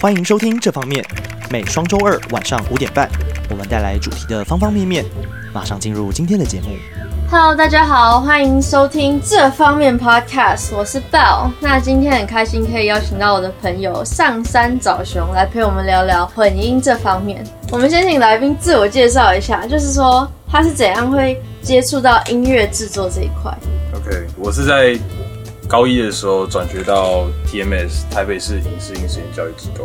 歡迎收聽這方面，每雙週二晚上五點半，我們帶來主題的方方面面。馬上進入今天的節目。Hello，大家好，歡迎收聽這方面 Podcast，我是 Bell。那今天很開心可以邀請到我的朋友上杉早雄來陪我們聊聊混音這方面。我們先請來賓自我介紹一下，就是說他是怎樣會接觸到音樂製作這一塊。OK，我是在，高一的時候轉學到 TMS 台北市影視音實驗教育機構，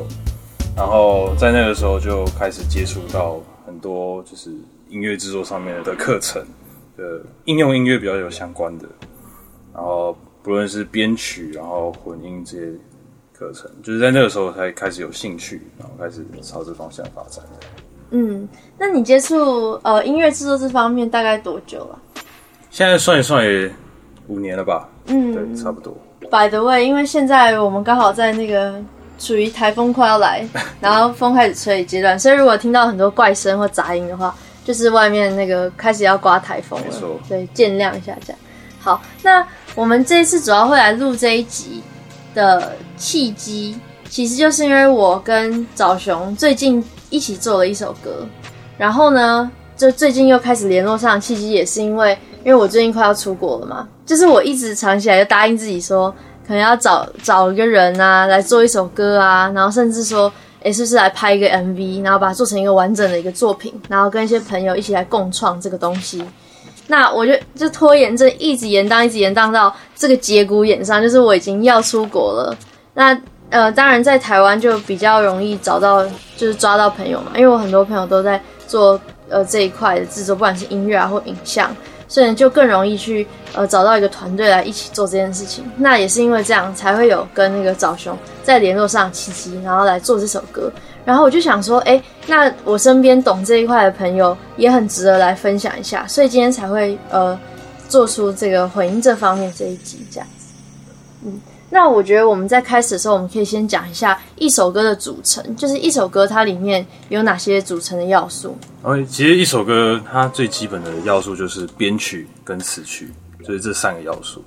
然後在那個時候就開始接觸到很多就是音樂制作上面的課程，呃，應用音樂比較有相關的，然後不論是編曲，然後混音這些課程，就是在那個時候才開始有興趣，然後開始朝這方向發展。嗯，那你接觸呃音樂制作這方面大概多久了啊？現在算一算也五年了吧。嗯，對，差不多。By the way，因為現在我們剛好在那個處於台風快要來，然後風開始吹的階段， 所以如果聽到很多怪聲或雜音的話，就是外面那個開始要刮台風了。對錯，所以見諒一下這樣。好，那我們這一次主要會來錄這一集的契機，其實就是因為我跟早雄最近一起做了一首歌，然後呢，就最近又開始聯絡上的契機，也是因為。因為我最近快要出國了嘛，就是我一直藏起來，就答應自己說，可能要找找一個人啊，來做一首歌啊，然後甚至說，誒是不是來拍一個 MV，然後把它做成一個完整的一個作品，然後跟一些朋友一起來共創這個東西。那我就就拖延症一直延宕，一直延宕到這個節骨眼上，就是我已經要出國了。那呃，當然在台灣就比較容易找到，就是抓到朋友嘛，因為我很多朋友都在做呃這一塊的制作，不管是音樂啊或影像。所以就更容易去呃找到一個團隊來一起做這件事情，那也是因為這樣才會有跟那個早雄在聯絡上契機，然後來做這首歌。然後我就想說，哎，那我身邊懂這一塊的朋友也很值得來分享一下，所以今天才會呃做出這個混音這方面這一集這樣子，嗯。那我覺得我們在開始的時候，我們可以先講一下一首歌的組成，就是一首歌它裡面有哪些組成的要素。其實一首歌它最基本的要素就是編曲跟詞曲，對就是這三個要素，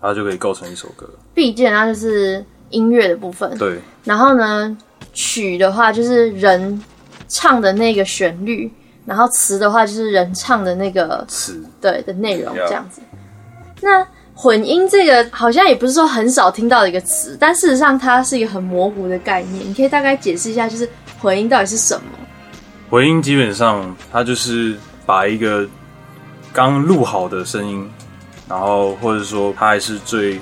它就可以構成一首歌。畢竟它就是音樂的部分。對。然後呢，曲的話就是人唱的那個旋律，然後詞的話就是人唱的那個詞，對的內容這樣子。啊、那。混音這個好像也不是說很少聽到的一個詞，但事實上它是一個很模糊的概念。你可以大概解釋一下，就是混音到底是什麼？混音基本上它就是把一個剛錄好的聲音，然後或者說它還是最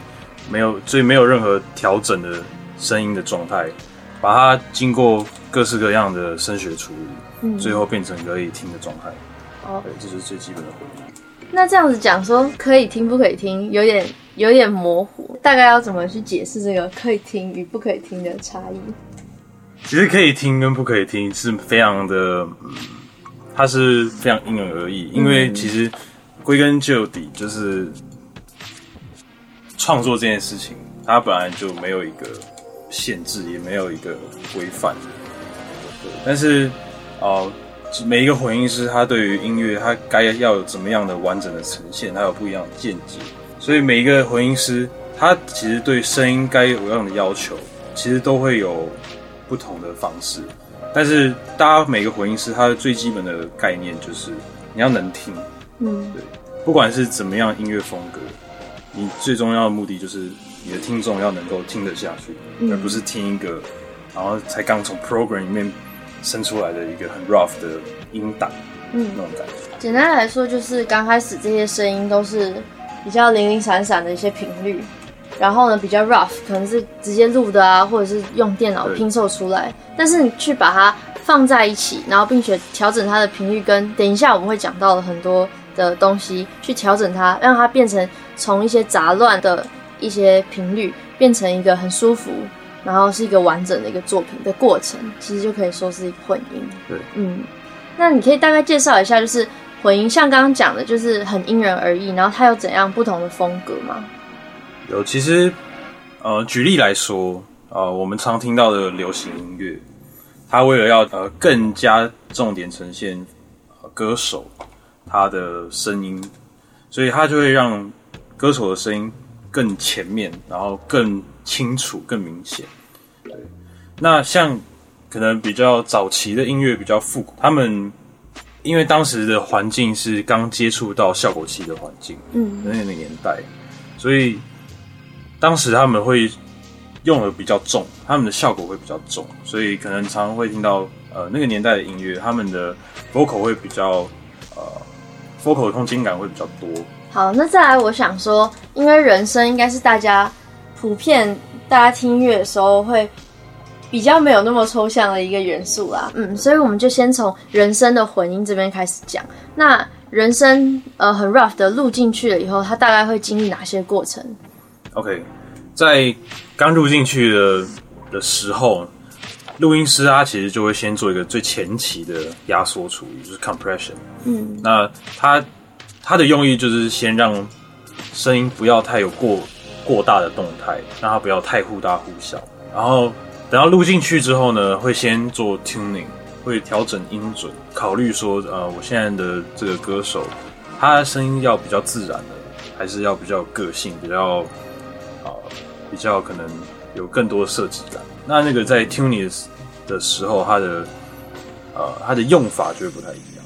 沒有、最沒有任何調整的聲音的狀態，把它經過各式各樣的聲學處理，嗯、最後變成可以聽的狀態。哦、oh.，對，這是最基本的混音。那這樣子講說可以聽不可以聽，有點有點模糊，大概要怎麼去解釋這個可以聽與不可以聽的差異？其實可以聽跟不可以聽是非常的，嗯，它是非常因人而異。因為其實歸根究底，就是創作這件事情，它本來就沒有一個限制，也沒有一個規範。但是，哦、呃。每一個混音師，他對於音樂，他該要有怎麼樣的完整的呈現，他有不一樣的見解。所以每一個混音師，他其實對聲音該有這樣的要求，其實都會有不同的方式。但是，大家每個混音師，他的最基本的概念就是你要能聽，嗯，對，不管是怎麼樣音樂風格，你最重要的目的就是你的聽眾要能夠聽得下去，嗯，而不是聽一個，然後才剛從 program 裡面。生出來的一個很 rough 的音檔，嗯，那種感覺，嗯。簡單來說，就是剛開始這些聲音都是比較零零散散的一些頻率，然後呢比較 rough，可能是直接錄的啊，或者是用電腦拼湊出來。對但是你去把它放在一起，然後並且調整它的頻率跟，跟等一下我們會講到的很多的東西去調整它，讓它變成從一些雜亂的一些頻率變成一個很舒服。然後是一個完整的一個作品的過程，其實就可以說是一個混音。對，嗯，那你可以大概介紹一下，就是混音，像剛剛講的，就是很因人而異，然後它有怎樣不同的風格嗎？有，其實，呃，舉例來說，呃我們常聽到的流行音樂，它為了要呃更加重點呈現，呃，歌手他的聲音，所以他就會讓歌手的聲音更前面，然後更清楚、更明顯。那像可能比較早期的音樂比較復古，他們因為當時的環境是剛接觸到效果器的環境，嗯，那個年代，所以當時他們會用的比較重，他們的效果會比較重，所以可能常常會聽到呃那個年代的音樂，他們的 vocal 會比較呃 vocal 的空間感會比較多。好，那再來我想說，因為人聲應該是大家普遍大家聽音樂的時候會。比較沒有那麼抽象的一個元素啦，嗯，所以我們就先從人聲的混音這邊開始講。那人聲呃很 rough 的錄進去了以後，它大概會經歷哪些過程？OK，在剛錄進去的的時候，錄音師他其實就會先做一個最前期的壓縮處理，就是 compression。嗯，那他他的用意就是先讓聲音不要太有過過大的動態，讓它不要太忽大忽小，然後。等到錄進去之後呢，會先做 tuning，會調整音準，考慮說，呃，我現在的這個歌手，他的聲音要比較自然的，還是要比較有個性，比較啊、呃，比較可能有更多的設計感。那那個在 tuning 的時候，他的呃，他的用法就會不太一樣。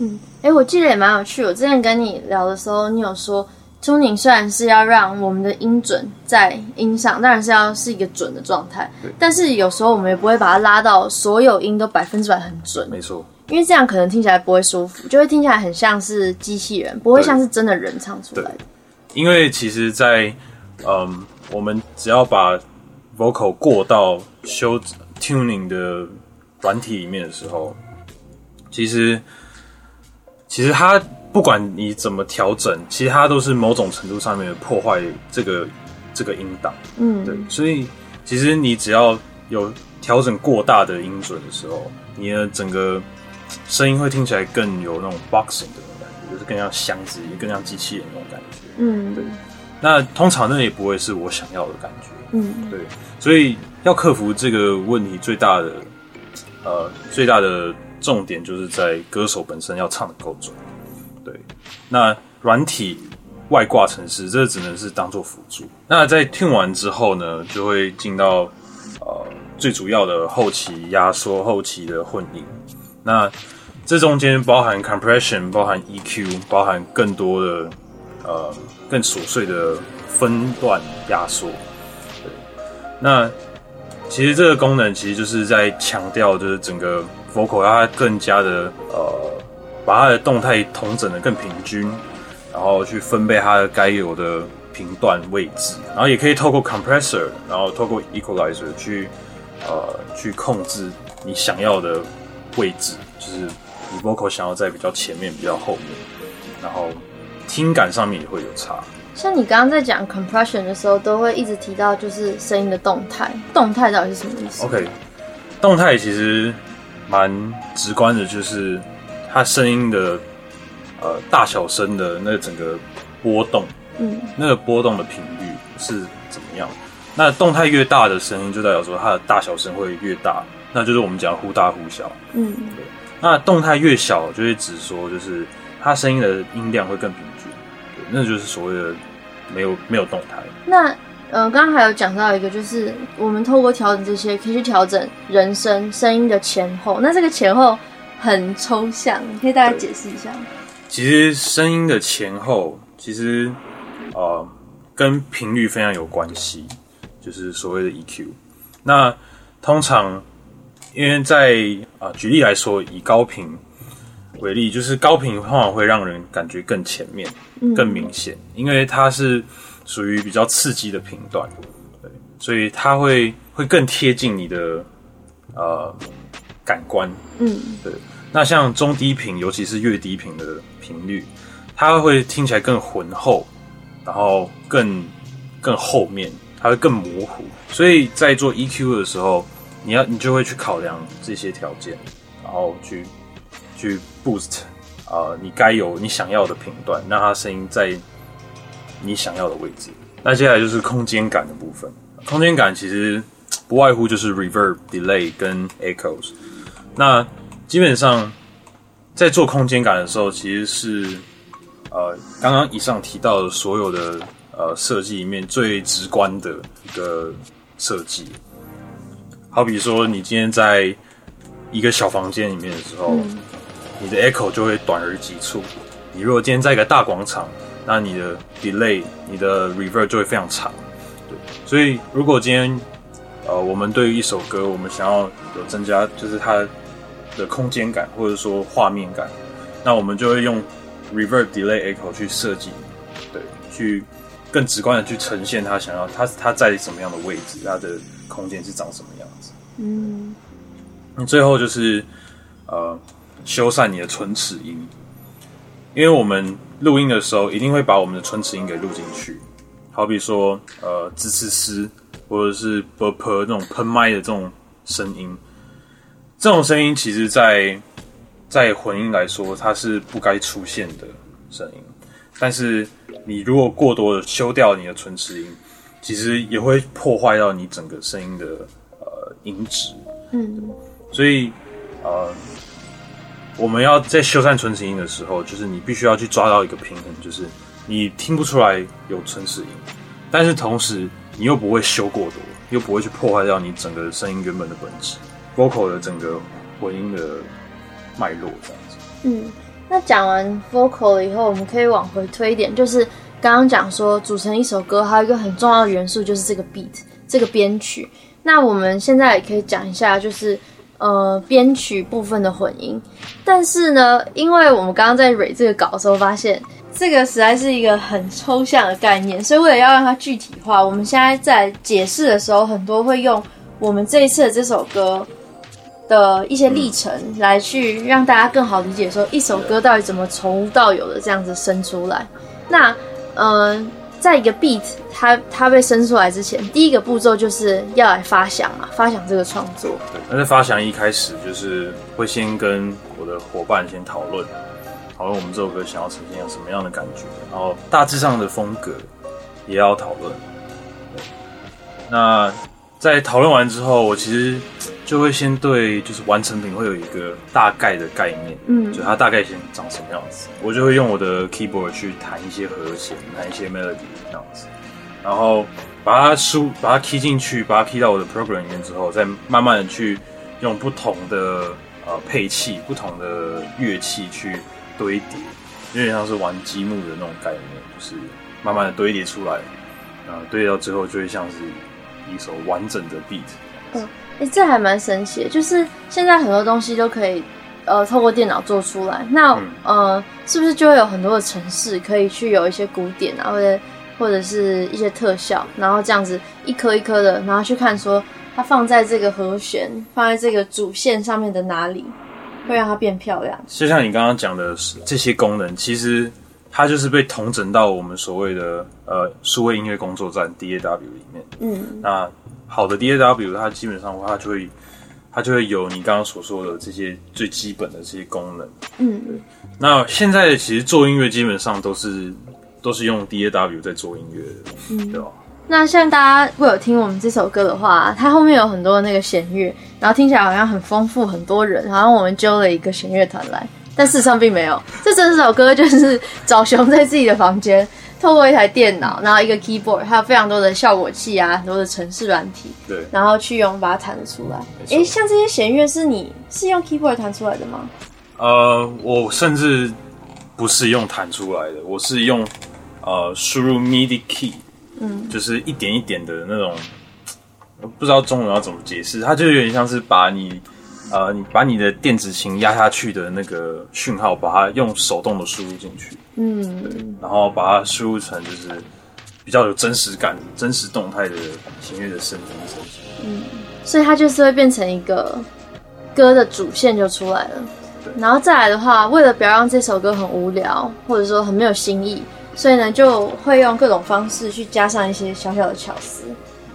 嗯，哎、欸，我記得也蠻有趣，我之前跟你聊的時候，你有說。Tuning 雖然是要讓我們的音準在音上，當然是要是一個準的狀態，對但是有時候我們也不會把它拉到所有音都百分之百很準，沒錯，因為這樣可能聽起來不會舒服，就會聽起來很像是機器人，不會像是真的人唱出來的。因為其實在，在嗯，我們只要把 vocal 過到修 tuning 的軟體裡面的時候，其實其實它。不管你怎麼調整，其他都是某種程度上面的破壞這個這個音檔。嗯，對，所以其實你只要有調整過大的音準的時候，你的整個聲音會聽起來更有那種 boxing 的那種感覺，就是更像箱子一樣，更像機器人那種感覺。嗯，對。那通常那也不會是我想要的感覺。嗯，對。所以要克服這個問題，最大的呃最大的重點就是在歌手本身要唱得夠準。對，那軟體外掛程式，這個只能是當做輔助。那在聽完之後呢，就會進到呃最主要的後期壓縮、後期的混音。那這中間包含 compression，包含 EQ，包含更多的呃更瑣碎的分段壓縮。對，那其實這個功能其實就是在強調，就是整個 vocal 它更加的呃。把它的動態統整的更平均，然後去分配它該有的頻段位置，然後也可以透過 compressor，然後透過 equalizer 去呃去控制你想要的位置，就是你 vocal 想要在比較前面、比較後面，然後聽感上面也會有差。像你剛剛在講 compression 的時候，都會一直提到就是聲音的動態，動態到底是什麼意思？OK，動態其實蠻直觀的，就是。它聲音的呃大小聲的那個整個波動，嗯，那個波動的頻率是怎麼樣？那動態越大的聲音，就代表說它的大小聲會越大，那就是我們講忽大忽小，嗯，對。那動態越小，就會指說就是它聲音的音量會更平均，對，那就是所謂的沒有沒有動態。那呃，剛剛還有講到一個，就是我們透過調整這些，可以去調整人聲聲音的前後。那這個前後。很抽象，你可以大家解釋一下嗎？其實聲音的前後，其實呃跟頻率非常有關係，就是所謂的 EQ。那通常，因為在啊、呃，舉例來說，以高頻為例，就是高頻往往會讓人感覺更前面、更明顯，嗯、因為它是屬於比較刺激的頻段，對，所以它會會更貼近你的呃。感官，嗯，對。那像中低頻，尤其是越低頻的頻率，它會聽起來更渾厚，然後更更後面，它會更模糊。所以在做 EQ 的時候，你要你就會去考量這些條件，然後去去 boost 啊、呃，你該有你想要的頻段，讓它聲音在你想要的位置。那接下來就是空間感的部分。空間感其實不外乎就是 reverb、delay 跟 echoes。那基本上在做空間感的時候，其實是呃剛剛以上提到的所有的呃設計裡面最直觀的一個設計。好比說，你今天在一個小房間裡面的時候，你的 echo 就會短而急促；你如果今天在一個大廣場，那你的 delay、你的 reverb 就會非常長。對，所以如果今天呃我們對於一首歌，我們想要有增加，就是它。的空間感，或者說畫面感，那我們就會用 reverb delay echo 去設計，對，去更直觀的去呈現他想要它，他他在什麼樣的位置，他的空間是長什麼樣子。嗯，那最後就是呃，修繕你的唇齒音，因為我們錄音的時候一定會把我們的唇齒音給錄進去，好比說呃呲呲呲，或者是啵啵那種噴麥的這種聲音。這種聲音其實在，在在混音來說，它是不該出現的聲音。但是，你如果過多的修掉你的唇齒音，其實也會破壞到你整個聲音的呃音質。嗯，所以呃，我們要在修繕唇齒音的時候，就是你必須要去抓到一個平衡，就是你聽不出來有唇齒音，但是同時你又不會修過多，又不會去破壞掉你整個聲音原本的本質。vocal 的整個混音的脈絡這樣子。嗯，那講完 vocal 了以後，我們可以往回推一點，就是剛剛講說組成一首歌還有一個很重要的元素，就是這個 beat，這個編曲。那我們現在也可以講一下，就是呃編曲部分的混音。但是呢，因為我們剛剛在 read 這個稿的時候發現，這個實在是一個很抽象的概念，所以為了要讓它具體化，我們現在在解釋的時候，很多會用我們這一次的這首歌。的一些歷程來去讓大家更好理解，說一首歌到底怎麼從無到有的這樣子生出來。的那，呃，在一個 beat 它它被生出來之前，第一個步驟就是要來發想啊，發想這個創作。對，那在發想一開始就是會先跟我的夥伴先討論，討論我們這首歌想要呈現有什麼樣的感覺，然後大致上的風格也要討論。對。那。在討論完之後，我其實就會先對，就是完成品會有一個大概的概念，嗯，就它大概先長什麼樣子，我就會用我的 keyboard 去彈一些和弦，彈一些 melody 這樣子，然後把它輸，把它 key 進去，把它 key 到我的 program 裡面之後，再慢慢的去用不同的呃配器，不同的樂器去堆疊，有點像是玩積木的那種概念，就是慢慢的堆疊出來，然後堆疊到最後就會像是。一首完整的 beat。嗯、呃，哎、欸，這還蠻神奇的，就是現在很多東西都可以、呃、透過電腦做出來。那、嗯呃、是不是就會有很多的程式可以去有一些鼓點啊，或者或者是一些特效，然後這樣子一顆一顆的，然後去看說它放在這個和弦，放在這個主線上面的哪裡、嗯、會讓它變漂亮？就像你剛剛講的這些功能，其實。它就是被統整到我們所謂的呃數位音樂工作站 D A W 裡面。嗯，那好的 D A W，它基本上它就會它就會有你剛剛所說的這些最基本的這些功能。嗯，那現在其實做音樂基本上都是都是用 D A W 在做音樂，嗯、對吧？那像大家如果有聽我們這首歌的話，它後面有很多的那個弦樂，然後聽起來好像很豐富，很多人，然後我們揪了一個弦樂團來。但事實上並沒有，這整首歌就是早雄在自己的房間，透過一台電腦，然後一個 keyboard，還有非常多的效果器啊，很多的程式軟體，對，然後去用把它彈得出來。哎錯，像這些弦樂是你是用 keyboard 彈出來的嗎？呃，我甚至不是用彈出來的，我是用呃輸入 MIDI key，嗯，就是一點一點的那種，我不知道中文要怎麼解釋，它就有點像是把你。呃，你把你的電子琴壓下去的那個訊號，把它用手動的輸入進去，嗯，然後把它輸入成就是比較有真實感、真實動態的弦樂的聲音。嗯，所以它就是會變成一個歌的主線就出來了。對然後再來的話，為了不要讓這首歌很無聊，或者說很沒有新意，所以呢，就會用各種方式去加上一些小小的巧思。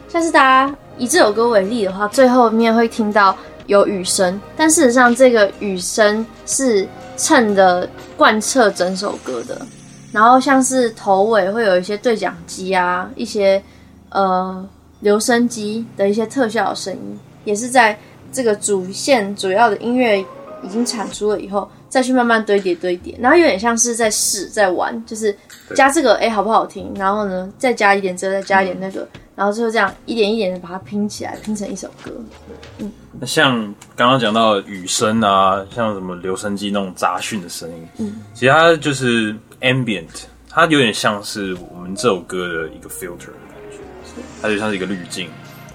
像是大家以這首歌為例的話，最後面會聽到。有雨聲，但事實上這個雨聲是襯的，貫徹整首歌的。然後像是頭尾會有一些對講機啊，一些呃留聲機的一些特效的聲音，也是在這個主線主要的音樂已經產出了以後，再去慢慢堆疊堆疊。然後有點像是在試在玩，就是加這個哎對好不好聽？然後呢再加一點這再加一點那個。嗯然後就這樣一點一點的把它拼起來，拼成一首歌。對，嗯。那像剛剛講到的雨聲啊，像什麼留聲機那種雜訊的聲音，嗯，其實它就是 ambient，它有點像是我們這首歌的一個 filter 的感覺，是它就像是一個濾鏡。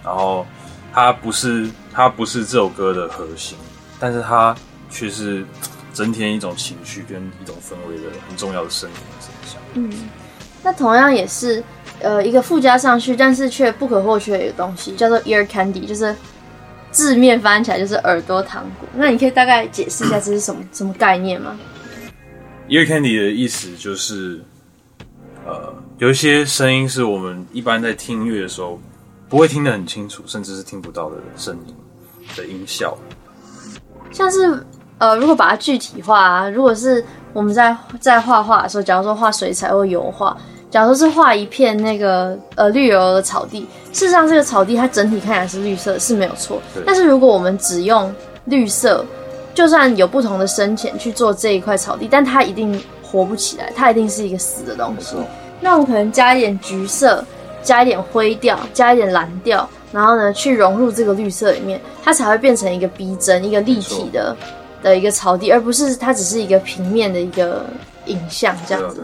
然後它不是它不是這首歌的核心，但是它卻是增添一種情緒跟一種氛圍的很重要的聲音的聲。嗯。它同樣也是，呃，一個附加上去，但是卻不可或缺的一個東西，叫做 ear candy，就是字面翻起來就是耳朵糖果。那你可以大概解釋一下這是什麼 什麼概念嗎？ear candy 的意思就是，呃，有一些聲音是我們一般在聽音樂的時候不會聽得很清楚，甚至是聽不到的聲音的音效，像是呃，如果把它具體化啊，如果是我們在在畫畫的時候，假如說畫水彩或油畫。假如說是畫一片那個呃綠油油的草地，事實上這個草地它整體看起來是綠色是沒有錯。對但是如果我們只用綠色，就算有不同的深淺去做這一塊草地，但它一定活不起來，它一定是一個死的東西。錯那我們可能加一點橘色，加一點灰調，加一點藍調，然後呢去融入這個綠色裡面，它才會變成一個逼真、一個立體的錯的一個草地，而不是它只是一個平面的一個影像這樣子。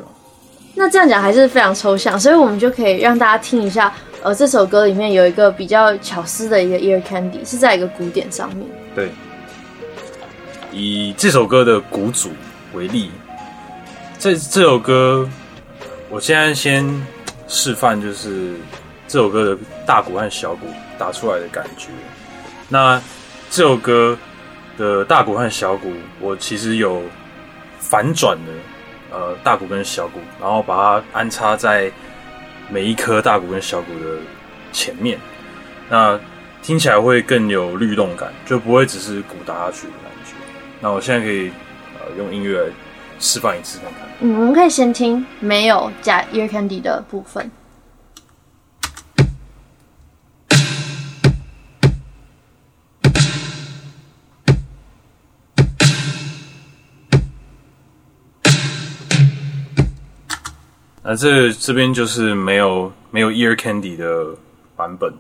那這樣講還是非常抽象，所以我們就可以讓大家聽一下。呃，這首歌裡面有一個比較巧思的一個 ear candy，是在一個鼓點上面。對，以這首歌的鼓組為例，這這首歌，我現在先示範，就是這首歌的大鼓和小鼓打出來的感覺。那這首歌的大鼓和小鼓，我其實有反轉的。呃，大鼓跟小鼓，然後把它安插在每一顆大鼓跟小鼓的前面，那聽起來會更有律動感，就不會只是鼓打下去的感覺。那我現在可以呃，用音樂來示範一次看看。嗯，我們可以先聽沒有加 ear candy 的部分。那、啊、這這邊就是沒有沒有 ear candy 的版本。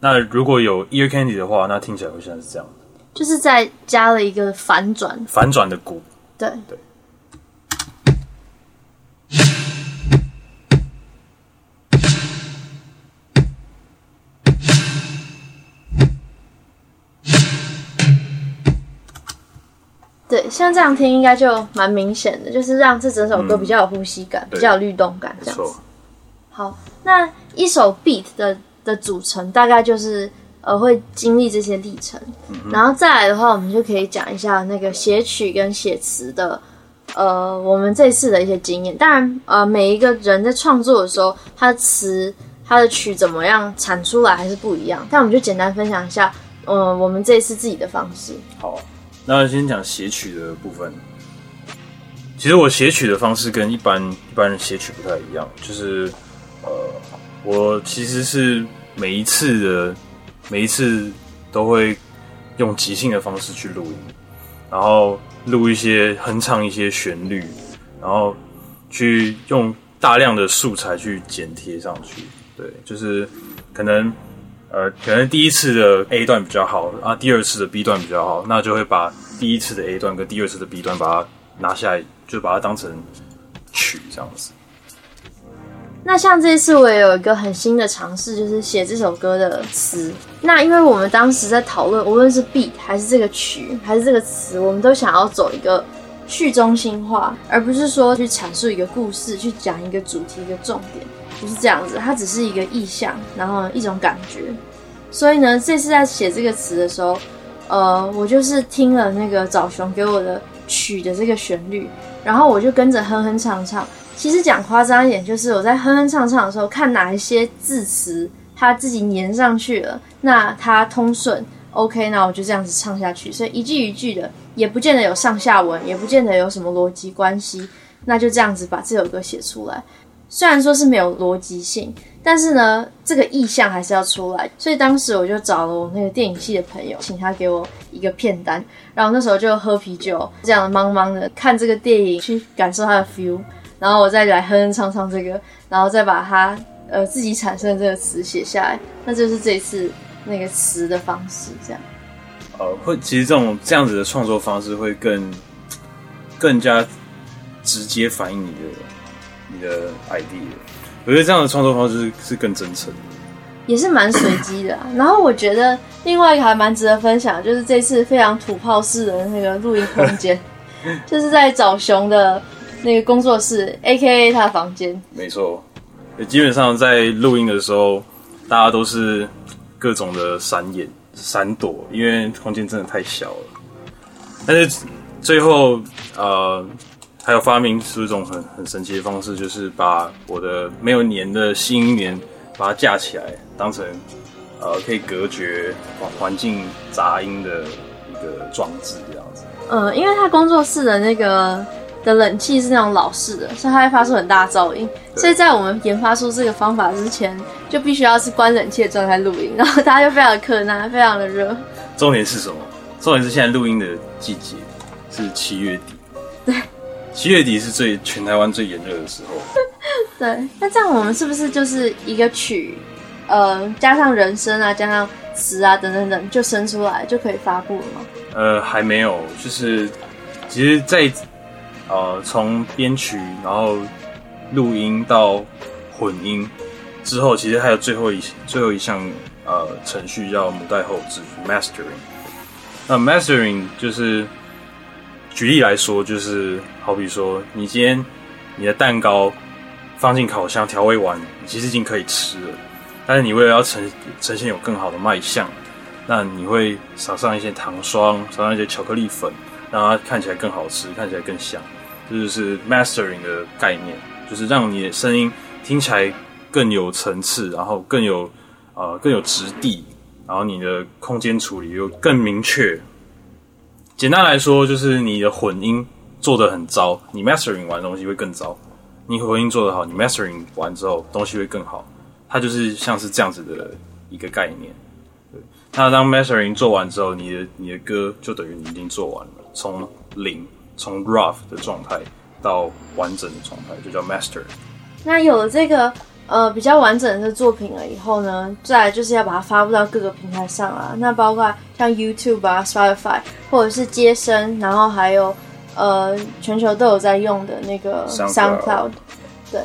那如果有 ear candy 的話，那聽起來會像是這樣的，就是再加了一個反轉，反轉的鼓，對對。對對，像這樣聽應該就蠻明顯的，就是讓這整首歌比較有呼吸感，嗯、比較有律動感對這樣子。好，那一首 beat 的的組成大概就是呃會經歷這些歷程，嗯、哼然後再來的話，我們就可以講一下那個寫曲跟寫詞的呃我們這次的一些經驗。當然呃每一個人在創作的時候，他的詞、他的曲怎麼樣產出來還是不一樣，但我們就簡單分享一下呃我們這一次自己的方式。好。那先講寫曲的部分，其實我寫曲的方式跟一般一般人寫曲不太一樣，就是呃，我其實是每一次的每一次都會用即興的方式去錄音，然後錄一些哼唱一些旋律，然後去用大量的素材去剪貼上去，對，就是可能。呃，可能第一次的 A 段比較好啊，第二次的 B 段比較好，那就會把第一次的 A 段跟第二次的 B 段把它拿下來，就把它當成曲這樣子。那像這一次我也有一個很新的嘗試，就是寫這首歌的詞。那因為我們當時在討論，無論是 beat 還是這個曲還是這個詞，我們都想要走一個去中心化，而不是說去闡述一個故事，去講一個主題一個重點。就是這樣子，它只是一個意象，然後一種感覺。所以呢，這次在寫這個詞的時候，呃，我就是聽了那個早雄給我的曲的這個旋律，然後我就跟着哼哼唱唱。其實講誇張一點，就是我在哼哼唱唱的時候，看哪一些字詞它自己粘上去了，那它通順，OK，那我就這樣子唱下去。所以一句一句的，也不見得有上下文，也不見得有什麼邏輯關係，那就這樣子把這首歌寫出來。雖然說是沒有邏輯性，但是呢，這個意象還是要出來。所以當時我就找了我那個電影系的朋友，請他給我一個片單，然後那時候就喝啤酒，這樣的，茫茫的看這個電影，去感受它的 feel，然後我再來哼哼唱唱這個，然後再把它呃自己產生的這個詞寫下來，那就是這一次那個詞的方式這樣。呃，會其實這種這樣子的創作方式會更更加直接反映你的。你的 i d 我覺得這樣的創作方式、就是、是更真誠也是蠻隨機的、啊。 然後我覺得另外一個還蠻值得分享，就是這次非常土炮式的那個錄音空間， 就是在找熊的那個工作室，A.K.A. 他的房間。沒錯，基本上在錄音的時候，大家都是各種的閃眼、閃躲，因為空間真的太小了。但是最後，呃。還有發明是一種很很神奇的方式，就是把我的沒有粘的吸音棉把它架起來，當成呃可以隔絕環環境雜音的一個裝置，這樣子。嗯、呃，因為他工作室的那個的冷氣是那種老式的，所以它會發出很大噪音。對所以在我們研發出這個方法之前，就必須要是關冷氣的狀態錄音，然後大家就非常的克難，非常的熱。重點是什麼？重點是現在錄音的季節是七月底。對。七月底是最，全台灣最炎熱的時候。 對，那這樣我們是不是就是一個曲，呃，加上人聲啊，加上詞啊，等等等，就生出來就可以發布了嗎？呃，還沒有，就是，其實在，在呃，從編曲，然後錄音到混音之後，其實還有最後一最後一項呃程序叫母帶後制 （mastering）。那 Master、呃、mastering 就是，舉例來說就是。好比說，你今天你的蛋糕放進烤箱調味完，你其實已經可以吃了。但是你為了要呈呈現有更好的賣相，那你會撒上一些糖霜，撒上一些巧克力粉，讓它看起來更好吃，看起來更香。這就是 mastering 的概念，就是讓你的聲音聽起來更有層次，然後更有呃更有質地，然後你的空間處理又更明確。簡單來說，就是你的混音。做得很糟，你 mastering 完東西會更糟。你回音做得好，你 mastering 完之後東西會更好。它就是像是這樣子的一個概念。對，那當 mastering 做完之後，你的你的歌就等於你已經做完了，從零，從 rough 的狀態到完整的狀態，就叫 master。那有了這個呃比較完整的作品了以後呢，再來就是要把它發布到各個平台上啊，那包括像 YouTube 啊，Spotify 或者是街聲，然後還有。呃，全球都有在用的那個 SoundCloud，Sound Cloud 對，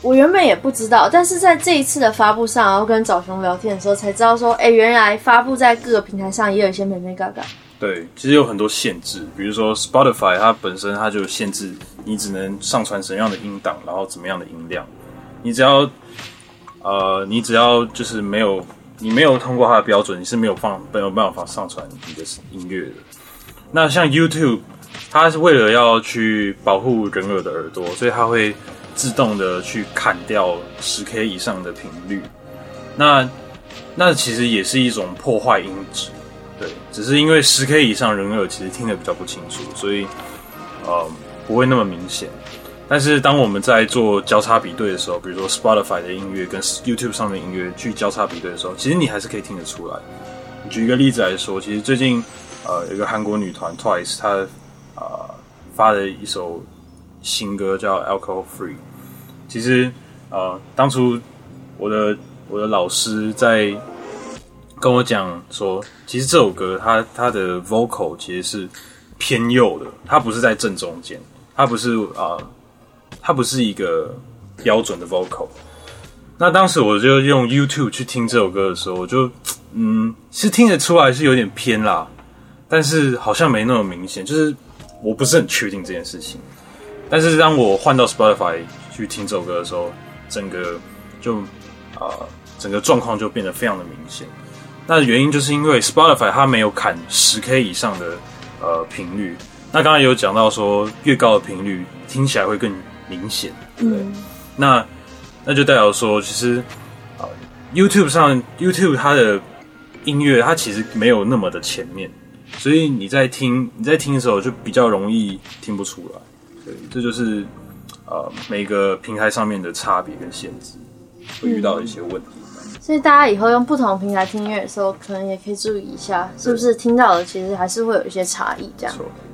我原本也不知道，但是在這一次的發布上，然後跟早雄聊天的時候才知道，說，哎、欸，原來發布在各個平台上也有一些眉眉角角。對，其實有很多限制，比如說 Spotify，它本身它就限制你只能上傳什麼樣的音檔，然後怎麼樣的音量，你只要呃，你只要就是沒有你沒有通過它的標準，你是沒有放沒有辦法上傳你的音樂的。那像 YouTube。它是為了要去保護人耳的耳朵，所以它會自動的去砍掉十 K 以上的頻率。那那其實也是一種破壞音質，對，只是因為十 K 以上人耳其實聽得比較不清楚，所以呃不會那麼明顯。但是當我們在做交叉比對的時候，比如說 Spotify 的音樂跟 YouTube 上的音樂去交叉比對的時候，其實你還是可以聽得出來。舉一個例子來說，其實最近呃有一個韓國女團 Twice，她呃，發的一首新歌叫《Alcohol Free》。其實，呃，當初我的我的老師在跟我講說，其實這首歌它它的 vocal 其實是偏右的，它不是在正中間，它不是啊、呃，它不是一個標準的 vocal。那當時我就用 YouTube 去聽這首歌的時候，我就嗯，是聽得出來是有點偏啦，但是好像沒那麼明顯，就是。我不是很確定這件事情，但是當我換到 Spotify 去聽這首歌的時候，整個就啊、呃，整個狀況就變得非常的明顯。那原因就是因為 Spotify 它沒有砍十 K 以上的呃頻率。那剛才有講到說，越高的頻率聽起來會更明顯，嗯、對。那那就代表說，其實啊、呃，YouTube 上 YouTube 它的音樂它其實沒有那麼的前面。所以你在聽，你在聽的時候就比較容易聽不出來，對，這就是呃每個平台上面的差別跟限制會遇到的一些問題。嗯，所以大家以後用不同平台聽音樂的時候，可能也可以注意一下，是不是聽到的其實還是會有一些差異這樣。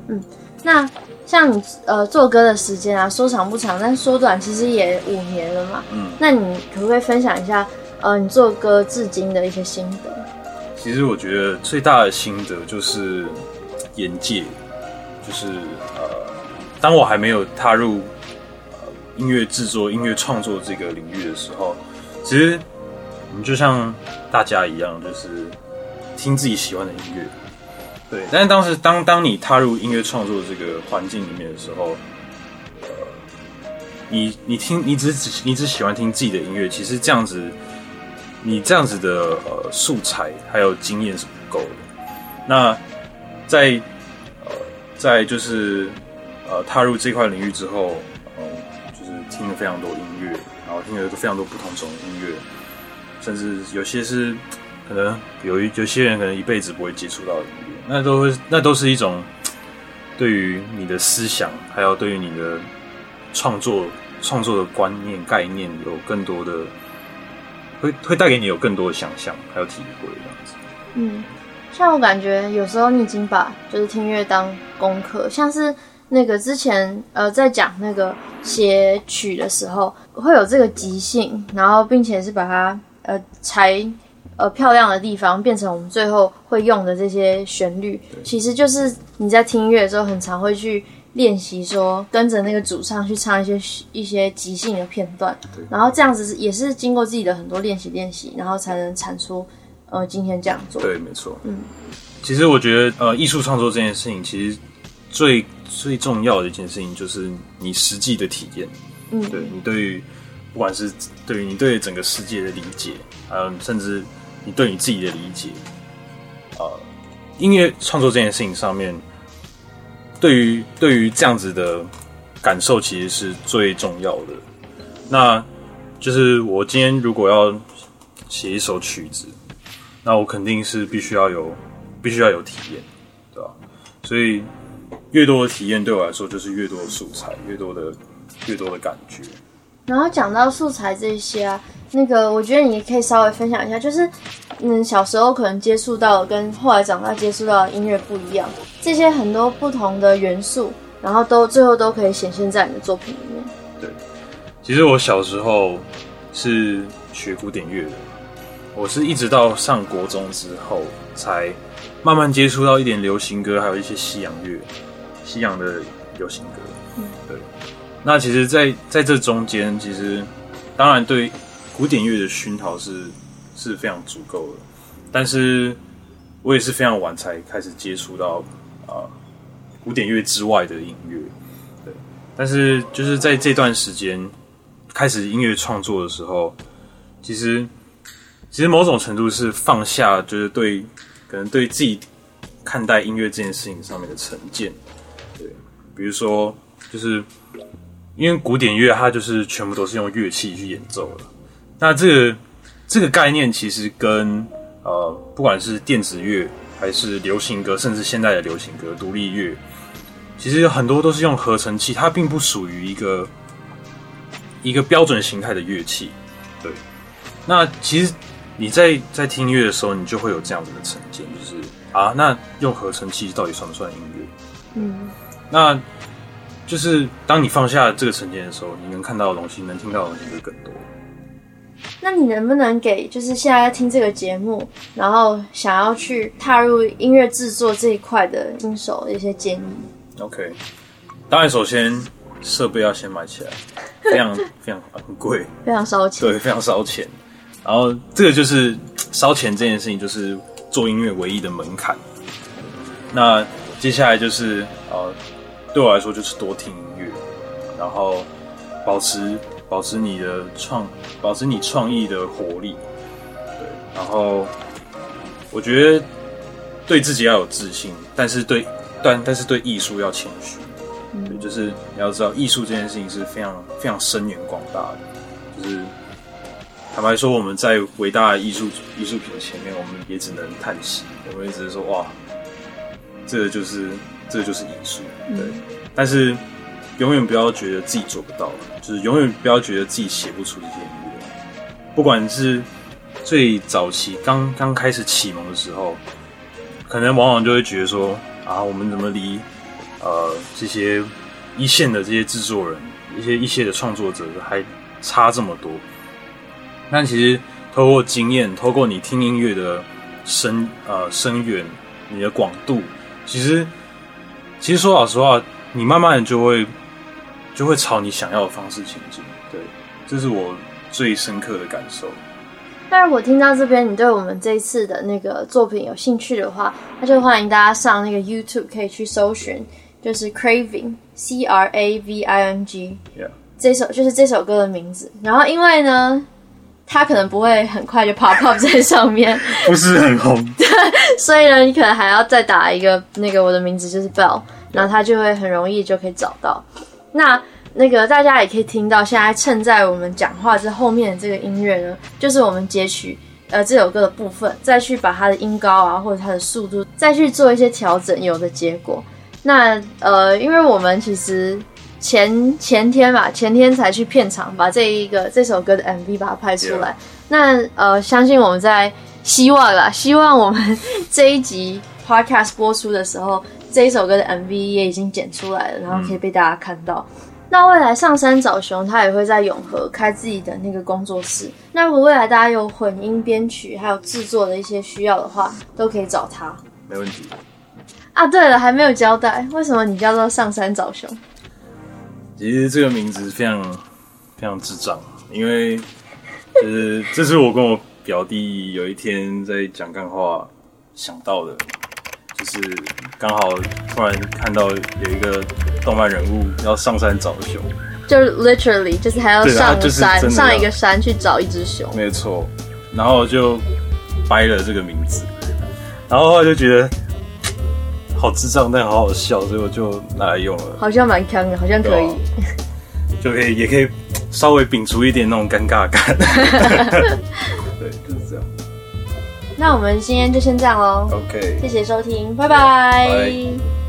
嗯，嗯，那像你呃做歌的時間啊，說長不長，但說短其實也五年了嘛。嗯，那你可不可以分享一下呃你做歌至今的一些心得？其實我覺得最大的心得就是眼界，就是呃，當我還沒有踏入，呃，音樂製作、音樂創作這個領域的時候，其實我們就像大家一樣，就是聽自己喜歡的音樂。對，但是當時當當你踏入音樂創作這個環境裡面的時候，呃，你你聽你只只你只喜歡聽自己的音樂，其實這樣子。你這樣子的呃素材，還有經驗是不夠的。那在呃在就是呃踏入這塊領域之後，嗯，就是聽了非常多音樂，然後聽了非常多不同種音樂，甚至有些是可能有一有些人可能一輩子不會接觸到的音樂，那都會那都是一種對於你的思想還有對於你的創作創作的觀念概念有更多的。會會帶給你有更多的想象，還有體會這樣子。嗯，像我感覺有時候你已經把就是聽樂當功課，像是那個之前呃在講那個寫曲的時候，會有這個即興，然後並且是把它呃才呃漂亮的地方變成我們最後會用的這些旋律，對其實就是你在聽樂的時候很常會去。練習說，跟着那個主唱去唱一些一些即興的片段，對然後這樣子也是經過自己的很多練習練習，然後才能產出呃今天這樣做。對，沒錯。嗯，其實我覺得呃藝術創作這件事情，其實最最重要的一件事情就是你實際的體驗。嗯，對你對於不管是對於你對整個世界的理解，還有，呃，甚至你對你自己的理解，呃，音樂創作這件事情上面。對於對於這樣子的感受其實是最重要的，那就是我今天如果要寫一首曲子，那我肯定是必須要有，必須要有體驗，對吧？所以越多的體驗對我來說就是越多的素材，越多的越多的感覺。然後講到素材這些啊，那個我覺得你可以稍微分享一下，就是嗯，小時候可能接觸到跟後來長大接觸到的音樂不一樣，這些很多不同的元素，然後都最後都可以顯現在你的作品裡面。對，其實我小時候是學古典樂的，我是一直到上國中之後才慢慢接觸到一點流行歌，還有一些西洋樂、西洋的流行歌。嗯，對。那其實在，在在這中間，其實當然對古典樂的熏陶是是非常足夠的，但是，我也是非常晚才開始接觸到啊、呃、古典樂之外的音樂，對。但是就是在這段時間開始音樂創作的時候，其實其實某種程度是放下，就是對可能對自己看待音樂這件事情上面的成見，對，比如說就是。因為古典樂它就是全部都是用樂器去演奏的。那這個這個概念其實跟呃不管是電子樂還是流行歌，甚至現代的流行歌、獨立樂，其實有很多都是用合成器，它並不屬於一個一個標準形態的樂器。對，那其實你在在聽樂的時候，你就會有這樣子的成見，就是啊，那用合成器到底算不算音樂？嗯，那。就是當你放下這個成見的時候，你能看到的東西，能聽到的東西會更多。那你能不能給就是現在在聽這個節目，然後想要去踏入音樂製作這一塊的新手一些建議？OK，當然首先設備要先買起來，非常非常昂貴， 非常燒錢，對，非常燒錢。然後這個就是燒錢這件事情，就是做音樂唯一的門檻。那接下來就是呃。對我來說，就是多聽音樂，然後保持保持你的創，保持你創意的活力，對。然後我覺得對自己要有自信，但是對，但但是對藝術要謙虛，就是你要知道藝術這件事情是非常非常深遠廣大的。就是坦白說，我們在偉大的藝術藝術品的前面，我們也只能嘆息，我們也只是說哇，這個就是。這個就是藝術，對。嗯、但是，永遠不要覺得自己做不到，就是永遠不要覺得自己寫不出這些音樂。不管是最早期剛剛開始啟蒙的時候，可能往往就會覺得說啊，我們怎麼離呃這些一線的這些制作人、一些一線的創作者還差這麼多？但其實，透過經驗，透過你聽音樂的深呃深遠、你的廣度，其實。其實說老實話，你慢慢就會，就會朝你想要的方式前進。對，這是我最深刻的感受。但如果聽到這邊，你對我們這次的那個作品有興趣的話，那就歡迎大家上那個 YouTube 可以去搜尋，就是 Craving，C R A V I N G，Yeah. 這首就是這首歌的名字。然後因為呢。它可能不會很快就 pop up 在上面，不是很紅，嗯、對，所以呢，你可能還要再打一個那個我的名字就是 Bell，然後它就會很容易就可以找到。那那個大家也可以聽到，現在襯在我們講話之後面的這個音樂呢，就是我們截取呃這首歌的部分，再去把它的音高啊或者它的速度再去做一些調整，有的結果。那呃，因為我們其實。前前天吧，前天才去片場把這一個這首歌的 MV 把它拍出來。Yeah. 那呃，相信我們在希望啦，希望我們 這一集 Podcast 播出的時候，這一首歌的 MV 也已經剪出來了，然後可以被大家看到。嗯、那未來上杉早雄他也會在永和開自己的那個工作室。那如果未來大家有混音、編曲還有制作的一些需要的話，都可以找他。沒問題。啊，對了，還沒有交代，為什麼你叫做上杉早雄？其實這個名字非常非常智障，因為、就是這是我跟我表弟有一天在講幹話想到的，就是剛好突然看到有一個動漫人物要上山找熊，就是 literally 就是還要上山、啊、要上一個山去找一隻熊，沒錯，然後就掰了這個名字，然後，後來就覺得。好智障，但好好笑，所以我就拿來用了。好像蠻鏘的，好像可以，就可以，也可以稍微摒除一點那種尷尬感。 對，就是這樣。那我們今天就先這樣嘍。OK，謝謝收聽，拜拜 Yeah. bye。